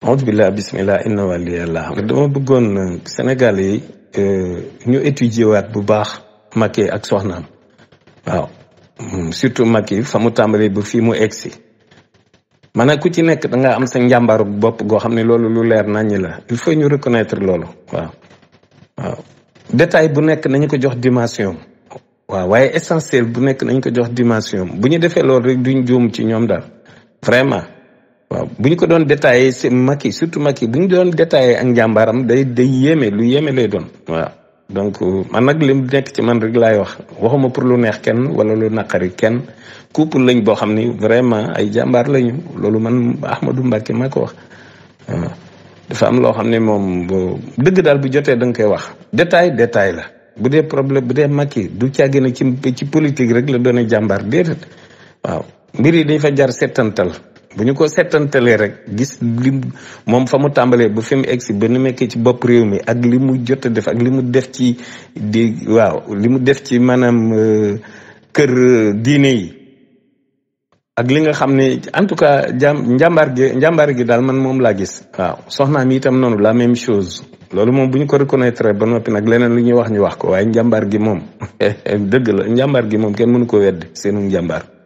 billah bisimilah inna wali yàlla dama bëggoon euh, Sénégal yi euh, ñu étudier waat bu baax yi ak soxnaam waaw mm, surtout Macky fa mu tàmbalee ba fii mu egg si maanaam ku ci nekk da nga am sa njàmbaaru bopp goo xam ne loolu lu leer naññi la il faut ñu reconnaître loolu waaw waaw bu nekk nañu ko jox dimension waaw waaye essentiel bu nekk nañ ko jox dimension bu ñu defee loolu rek duñ juum ci ñoom daal vraiment waaw bu ñu ko doon détaillé si Macky surtout Macky bu ñu doon détaillé ak njàmbaaram day day yéeme lu yéeme lay doon waaw donc man nag li mu nekk ci man rek laay wax waxuma pour lu neex kenn wala lu naqari kenn couple lañ boo xam ni vraiment ay jàmbaar lañu loolu man Ahmadou Mbacké maa ko wax dafa am loo xam ne moom dëgg daal bu jotee da nga koy wax détail détail la bu dee problème bu dee Macky du caagi na ci ci politique rek la doone jàmbaar déedéet waaw mbir yi dañ fa jar settantal bu ñu ko settantalee rek gis li moom fa mu tàmbalee ba fi mu si ba ni mekkee ci bopp réew mi ak li mu jot a def ak li mu def ci di waaw li mu def ci maanaam euh, kër euh, diine yi ak li nga xam ne en tout cas jàm njàmbaar gi njàmbaar gi daal man moom laa gis waaw soxnaa mi itam noonu la même chose loolu moom bu ñu ko reconnaître ba noppi nag leneen lu ñuy wax ñu wax ko waaye njàmbaar gi moom dëgg la njàmbaar gi moom kenn mënu koo wedd seenu njàmbaar